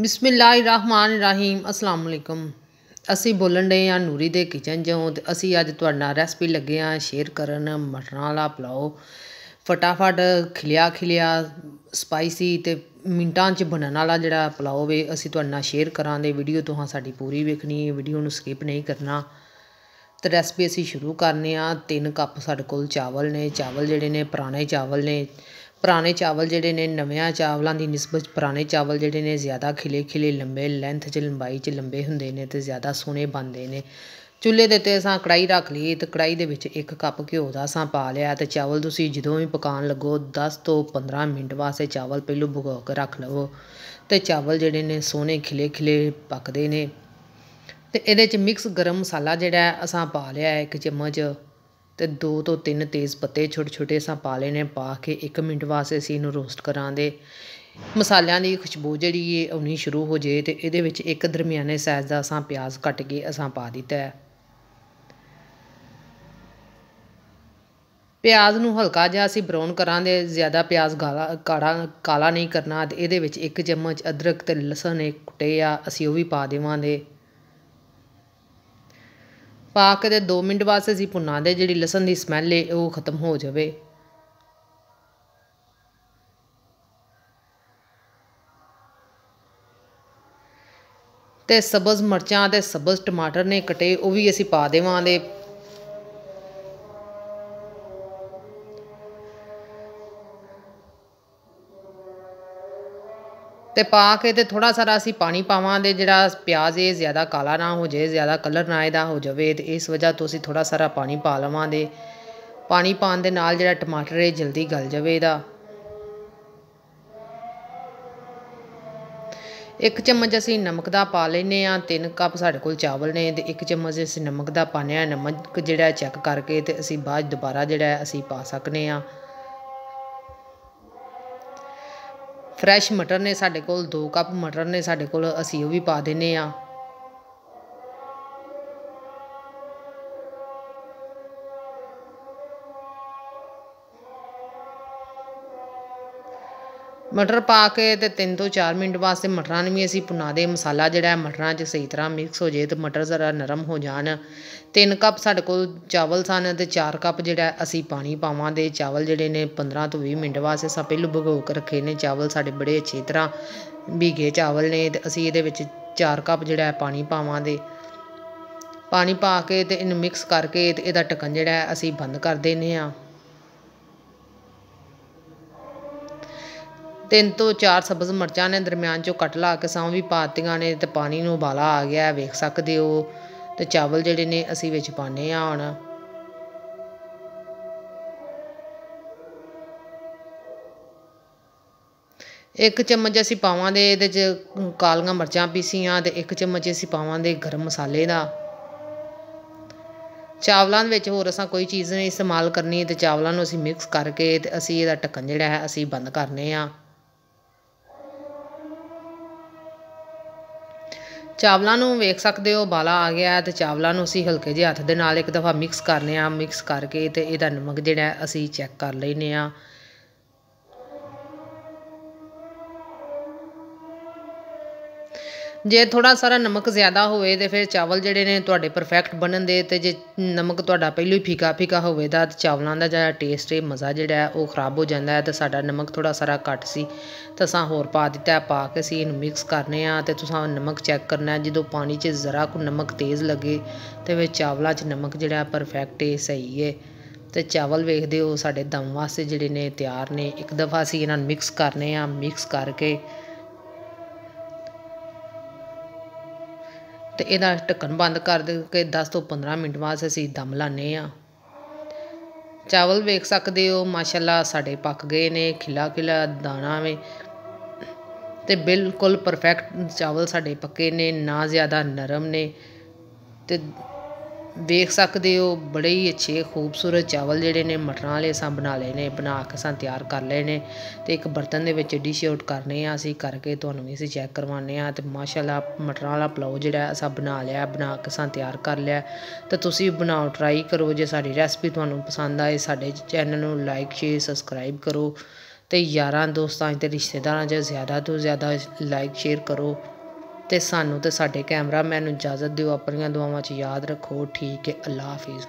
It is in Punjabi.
ਬਿਸਮਿਲ੍ਲਾਹਿਰਰahmanirrahim ਅਸਲਾਮ ਅਲੈਕਮ ਅਸੀਂ ਬੋਲਣ ਦੇ ਆ ਨੂਰੀ ਦੇ ਕਿਚਨ ਜੋਂ ਤੇ ਅਸੀਂ ਅੱਜ ਤੁਹਾਡੇ ਨਾਲ ਰੈਸਪੀ ਲੱਗੇ ਆ ਸ਼ੇਅਰ ਕਰਨ ਮਟਰਾਂ ਵਾਲਾ ਪਲਾਓ ਫਟਾਫਟ ਖਿਲਿਆ ਖਿਲਿਆ ਸਪਾਈਸੀ ਤੇ ਮਿੰਟਾਂ 'ਚ ਬਣਨ ਵਾਲਾ ਜਿਹੜਾ ਪਲਾਓ ਵੇ ਅਸੀਂ ਤੁਹਾਡੇ ਨਾਲ ਸ਼ੇਅਰ ਕਰਾਂਗੇ ਵੀਡੀਓ ਤੁਹਾਂ ਸਾਡੀ ਪੂਰੀ ਵੇਖਣੀ ਹੈ ਵੀਡੀਓ ਨੂੰ ਸਕਿਪ ਨਹੀਂ ਕਰਨਾ ਤੇ ਰੈਸਪੀ ਅਸੀਂ ਸ਼ੁਰੂ ਕਰਨੇ ਆ 3 ਕੱਪ ਸਾਡੇ ਕੋਲ ਚਾਵਲ ਨੇ ਚਾਵਲ ਜਿਹੜੇ ਨੇ ਪੁਰਾਣੇ ਚਾਵਲ ਨੇ ਪੁਰਾਣੇ ਚਾਵਲ ਜਿਹੜੇ ਨੇ ਨਵਿਆਂ ਚਾਵਲਾਂ ਦੀ ਨਿਸਬਤ ਪੁਰਾਣੇ ਚਾਵਲ ਜਿਹੜੇ ਨੇ ਜ਼ਿਆਦਾ ਖਿਲੇ ਖਿਲੇ ਲੰਬੇ ਲੈਂਥ 'ਚ ਲੰਬਾਈ 'ਚ ਲੰਬੇ ਹੁੰਦੇ ਨੇ ਤੇ ਜ਼ਿਆਦਾ ਸੋਹਣੇ ਬਣਦੇ ਨੇ ਚੁੱਲ੍ਹੇ ਦੇ ਉੱਤੇ ਅਸਾਂ ਕੜਾਈ ਰੱਖ ਲਈ ਤੇ ਕੜਾਈ ਦੇ ਵਿੱਚ ਇੱਕ ਕੱਪ ਘਿਓ ਦਾ ਅਸਾਂ ਪਾ ਲਿਆ ਤੇ ਚਾਵਲ ਤੁਸੀਂ ਜਦੋਂ ਵੀ ਪਕਾਉਣ ਲੱਗੋ 10 ਤੋਂ 15 ਮਿੰਟ ਵਾਸਤੇ ਚਾਵਲ ਪਹਿਲੂ ਭਗੋ ਕੇ ਰੱਖ ਲਵੋ ਤੇ ਚਾਵਲ ਜਿਹੜੇ ਨੇ ਸੋਹਣੇ ਖਿਲੇ ਖਿਲੇ ਪੱਕਦੇ ਨੇ ਤੇ ਇਹਦੇ 'ਚ ਮਿਕਸ ਗਰਮ ਮਸਾਲਾ ਜਿਹੜਾ ਅਸਾਂ ਪਾ ਲਿਆ ਇੱਕ ਚਮਚ ਤੇ ਦੋ ਤੋਂ ਤਿੰਨ ਤੇਜ਼ ਪੱਤੇ ਛੋਟੇ ਛੋਟੇ ਸਾਂ ਪਾ ਲੈਨੇ ਪਾ ਕੇ ਇੱਕ ਮਿੰਟ ਵਾਸਤੇ ਅਸੀਂ ਇਹਨੂੰ ਰੋਸਟ ਕਰਾਂਦੇ ਮਸਾਲਿਆਂ ਦੀ ਖੁਸ਼ਬੂ ਜਿਹੜੀ ਹੈ ਆਉਣੀ ਸ਼ੁਰੂ ਹੋ ਜੇ ਤੇ ਇਹਦੇ ਵਿੱਚ ਇੱਕ ਦਰਮਿਆਨੇ ਸਾਈਜ਼ ਦਾ ਸਾਂ ਪਿਆਜ਼ ਕੱਟ ਕੇ ਅਸਾਂ ਪਾ ਦਿੱਤਾ ਪਿਆਜ਼ ਨੂੰ ਹਲਕਾ ਜਿਹਾ ਅਸੀਂ ਬਰਾਊਨ ਕਰਾਂਗੇ ਜ਼ਿਆਦਾ ਪਿਆਜ਼ ਗਾਲਾ ਕਾਲਾ ਨਹੀਂ ਕਰਨਾ ਤੇ ਇਹਦੇ ਵਿੱਚ ਇੱਕ ਚਮਚ ਅਦਰਕ ਤੇ ਲਸਣ ਇੱਕ ਕੁੱਟੇ ਆ ਅਸੀਂ ਉਹ ਵੀ ਪਾ ਦੇਵਾਂਗੇ ਪਾ ਕੇ ਤੇ 2 ਮਿੰਟ ਵਾਸਤੇ ਅਸੀਂ ਪੁੰਨਾ ਦੇ ਜਿਹੜੀ ਲਸਣ ਦੀ ਸਮੈਲ ਹੈ ਉਹ ਖਤਮ ਹੋ ਜਾਵੇ ਤੇ ਸਬਜ਼ ਮਿਰਚਾਂ ਤੇ ਸਬਜ਼ ਟਮਾਟਰ ਨੇ ਕਟੇ ਉਹ ਵੀ ਅਸੀਂ ਪਾ ਦੇਵਾਂਗੇ ਤੇ ਪਾ ਕੇ ਤੇ ਥੋੜਾ ਸਾਰਾ ਅਸੀਂ ਪਾਣੀ ਪਾਵਾਂਗੇ ਜਿਹੜਾ ਪਿਆਜ਼ ਇਹ ਜ਼ਿਆਦਾ ਕਾਲਾ ਨਾ ਹੋ ਜਾਏ ਜ਼ਿਆਦਾ ਕਲਰ ਨਾ ਇਹਦਾ ਹੋ ਜਾਵੇ ਤੇ ਇਸ ਵਜ੍ਹਾ ਤੋਂ ਅਸੀਂ ਥੋੜਾ ਸਾਰਾ ਪਾਣੀ ਪਾ ਲਵਾਂਗੇ ਪਾਣੀ ਪਾਣ ਦੇ ਨਾਲ ਜਿਹੜਾ ਟਮਾਟਰ ਇਹ ਜਲਦੀ ਗਲ ਜਾਵੇ ਇਹਦਾ ਇੱਕ ਚਮਚ ਅਸੀਂ ਨਮਕ ਦਾ ਪਾ ਲੈਨੇ ਆ ਤਿੰਨ ਕੱਪ ਸਾਡੇ ਕੋਲ ਚਾਵਲ ਨੇ ਤੇ ਇੱਕ ਚਮਚ ਅਸੀਂ ਨਮਕ ਦਾ ਪਾਣਿਆ ਨਮਕ ਜਿਹੜਾ ਚੈੱਕ ਕਰਕੇ ਤੇ ਅਸੀਂ ਬਾਅਦ ਦੁਬਾਰਾ ਜਿਹੜਾ ਅਸੀਂ ਪਾ ਸਕਨੇ ਆ ਫਰੈਸ਼ ਮਟਰ ਨੇ ਸਾਡੇ ਕੋਲ 2 ਕੱਪ ਮਟਰ ਨੇ ਸਾਡੇ ਕੋਲ ਅਸੀਂ ਉਹ ਵੀ ਪਾ ਦਿੰਨੇ ਆ ਮਟਰ ਪਾ ਕੇ ਤੇ 3 ਤੋਂ 4 ਮਿੰਟ ਵਾਸਤੇ ਮਟਰਾਂ ਨੂੰ ਵੀ ਅਸੀਂ ਪੁਨਾ ਦੇ ਮਸਾਲਾ ਜਿਹੜਾ ਮਟਰਾਂ 'ਚ ਸਹੀ ਤਰ੍ਹਾਂ ਮਿਕਸ ਹੋ ਜੇ ਤੇ ਮਟਰ ਜ਼ਰਾ ਨਰਮ ਹੋ ਜਾਣ 3 ਕੱਪ ਸਾਡੇ ਕੋਲ ਚਾਵਲ ਸਨ ਤੇ 4 ਕੱਪ ਜਿਹੜਾ ਅਸੀਂ ਪਾਣੀ ਪਾਵਾਂਗੇ ਚਾਵਲ ਜਿਹੜੇ ਨੇ 15 ਤੋਂ 20 ਮਿੰਟ ਵਾਸਤੇ ਸਾ ਪਹਿਲੂ ਭਗੋ ਕੇ ਰੱਖੇ ਨੇ ਚਾਵਲ ਸਾਡੇ ਬੜੇ ਅੱਛੀ ਤਰ੍ਹਾਂ ਭੀਗੇ ਚਾਵਲ ਨੇ ਤੇ ਅਸੀਂ ਇਹਦੇ ਵਿੱਚ 4 ਕੱਪ ਜਿਹੜਾ ਪਾਣੀ ਪਾਵਾਂਗੇ ਪਾਣੀ ਪਾ ਕੇ ਤੇ ਇਹਨੂੰ ਮਿਕਸ ਕਰਕੇ ਤੇ ਇਹਦਾ ਟਕਨ ਜਿਹੜਾ ਅਸੀਂ ਬੰਦ ਕਰ ਦਿੰਨੇ ਆ ਤਿੰਨ ਤੋਂ ਚਾਰ ਸਬਜ਼ ਮਿਰਚਾਂ ਨੇ ਦਰਮਿਆਨ 'ਚੋਂ ਕੱਟ ਲਾ ਕੇ ਸਾਂ ਵੀ ਪਾਤੀਆਂ ਨੇ ਤੇ ਪਾਣੀ ਨੂੰ ਉਬਾਲਾ ਆ ਗਿਆ ਵੇਖ ਸਕਦੇ ਹੋ ਤੇ ਚਾਵਲ ਜਿਹੜੇ ਨੇ ਅਸੀਂ ਵਿੱਚ ਪਾਣੇ ਆ ਹੁਣ ਇੱਕ ਚਮਚ ਅਸੀਂ ਪਾਵਾਂਗੇ ਇਹਦੇ 'ਚ ਕਾਲੀਆਂ ਮਿਰਚਾਂ ਪੀਸੀਆਂ ਤੇ ਇੱਕ ਚਮਚ ਅਸੀਂ ਪਾਵਾਂਗੇ ਗਰਮ ਮਸਾਲੇ ਦਾ ਚਾਵਲਾਂ ਵਿੱਚ ਹੋਰ ਅਸਾਂ ਕੋਈ ਚੀਜ਼ ਨਹੀਂ ਇਸਤੇਮਾਲ ਕਰਨੀ ਤੇ ਚਾਵਲਾਂ ਨੂੰ ਅਸੀਂ ਮਿਕਸ ਕਰਕੇ ਤੇ ਅਸੀਂ ਇਹਦਾ ਢੱਕਣ ਜਿਹੜਾ ਹੈ ਅਸੀਂ ਬੰਦ ਕਰਨੇ ਆ ਚਾਵਲਾਂ ਨੂੰ ਵੇਖ ਸਕਦੇ ਹੋ ਬਾਲਾ ਆ ਗਿਆ ਤੇ ਚਾਵਲਾਂ ਨੂੰ ਅਸੀਂ ਹਲਕੇ ਜਿਹੇ ਹੱਥ ਦੇ ਨਾਲ ਇੱਕ ਦਫਾ ਮਿਕਸ ਕਰਨੇ ਆ ਮਿਕਸ ਕਰਕੇ ਤੇ ਇਹਦਾ ਨਮਕ ਜਿਹੜਾ ਅਸੀਂ ਚੈੱਕ ਕਰ ਲੈਨੇ ਆ ਜੇ ਥੋੜਾ ਸਾਰਾ ਨਮਕ ਜ਼ਿਆਦਾ ਹੋਵੇ ਤੇ ਫਿਰ ਚਾਵਲ ਜਿਹੜੇ ਨੇ ਤੁਹਾਡੇ ਪਰਫੈਕਟ ਬਣਨ ਦੇ ਤੇ ਜੇ ਨਮਕ ਤੁਹਾਡਾ ਪਹਿਲੋਂ ਹੀ ਫੀਕਾ ਫੀਕਾ ਹੋਵੇ ਤਾਂ ਚਾਵਲਾਂ ਦਾ ਜਿਹੜਾ ਟੇਸਟ ਹੈ ਮਜ਼ਾ ਜਿਹੜਾ ਉਹ ਖਰਾਬ ਹੋ ਜਾਂਦਾ ਹੈ ਤੇ ਸਾਡਾ ਨਮਕ ਥੋੜਾ ਸਾਰਾ ਘੱਟ ਸੀ ਤਾਂ ਸਾਂ ਹੋਰ ਪਾ ਦਿੱਤਾ ਪਾ ਕੇ ਸੀ ਇਹਨੂੰ ਮਿਕਸ ਕਰਨੇ ਆ ਤੇ ਤੁਸੀਂ ਨਮਕ ਚੈੱਕ ਕਰਨਾ ਜਦੋਂ ਪਾਣੀ 'ਚ ਜ਼ਰਾ ਕੁ ਨਮਕ ਤੇਜ਼ ਲੱਗੇ ਤੇ ਵਿੱਚ ਚਾਵਲਾਂ 'ਚ ਨਮਕ ਜਿਹੜਾ ਪਰਫੈਕਟ ਹੈ ਸਹੀ ਹੈ ਤੇ ਚਾਵਲ ਵੇਖਦੇ ਹੋ ਸਾਡੇ ਦਮ ਵਾਸਤੇ ਜਿਹੜੇ ਨੇ ਤਿਆਰ ਨੇ ਇੱਕ ਦਫਾ ਸੀ ਇਹਨਾਂ ਨੂੰ ਮਿਕਸ ਕਰਨੇ ਆ ਮਿਕਸ ਕਰਕੇ ਤੇ ਇਹਦਾ ਢੱਕਣ ਬੰਦ ਕਰ ਦੇ ਕੇ 10 ਤੋਂ 15 ਮਿੰਟ ਬਾਅਦ ਅਸੀਂ ਦਮ ਲਾਣੇ ਆ ਚਾਵਲ ਵੇਖ ਸਕਦੇ ਹੋ ਮਾਸ਼ਾਅੱਲਾ ਸਾਡੇ ਪੱਕ ਗਏ ਨੇ ਖਿਲਾ ਖਿਲਾ ਦਾਣਾ ਵੇ ਤੇ ਬਿਲਕੁਲ ਪਰਫੈਕਟ ਚਾਵਲ ਸਾਡੇ ਪੱਕੇ ਨੇ ਨਾ ਜ਼ਿਆਦਾ ਨਰਮ ਨੇ ਤੇ ਵੇਖ ਸਕਦੇ ਹੋ ਬੜੇ ਹੀ ਅੱਛੇ ਖੂਬਸੂਰਤ ਚਾਵਲ ਜਿਹੜੇ ਨੇ ਮਟਰਾਂ ਵਾਲੇ ਅਸਾਂ ਬਣਾ ਲਏ ਨੇ ਬਣਾ ਕੇ ਅਸਾਂ ਤਿਆਰ ਕਰ ਲਏ ਨੇ ਤੇ ਇੱਕ ਬਰਤਨ ਦੇ ਵਿੱਚ ਡਿਸ਼ ਆਊਟ ਕਰਨੇ ਆ ਅਸੀਂ ਕਰਕੇ ਤੁਹਾਨੂੰ ਵੀ ਅਸੀਂ ਚੈੱਕ ਕਰਵਾਉਣੇ ਆ ਤੇ ਮਾਸ਼ਾਅੱਲਾ ਮਟਰਾਂ ਵਾਲਾ ਪਲਾਉ ਜਿਹੜਾ ਅਸਾਂ ਬਣਾ ਲਿਆ ਬਣਾ ਕੇ ਅਸਾਂ ਤਿਆਰ ਕਰ ਲਿਆ ਤਾਂ ਤੁਸੀਂ ਬਣਾਓ ਟਰਾਈ ਕਰੋ ਜੇ ਸਾਡੀ ਰੈਸਪੀ ਤੁਹਾਨੂੰ ਪਸੰਦ ਆਏ ਸਾਡੇ ਚੈਨਲ ਨੂੰ ਲਾਈਕ ਸ਼ੇਅਰ ਸਬਸਕ੍ਰਾਈਬ ਕਰੋ ਤੇ ਯਾਰਾਂ ਦੋਸਤਾਂ ਤੇ ਰਿਸ਼ਤੇਦਾਰਾਂ ਜੇ ਜ਼ਿਆਦਾ ਤੋਂ ਜ਼ਿਆਦਾ ਲਾਈਕ ਸ਼ੇਅਰ ਕਰੋ ਤੇ ਸਾਨੂੰ ਤੇ ਸਾਡੇ ਕੈਮਰਾਮੈਨ ਨੂੰ ਇਜਾਜ਼ਤ ਦਿਓ ਆਪਣੀਆਂ ਦੁਆਵਾਂ 'ਚ ਯਾਦ ਰੱਖੋ ਠੀਕ ਹੈ ਅੱਲਾ ਹਾਫਿਜ਼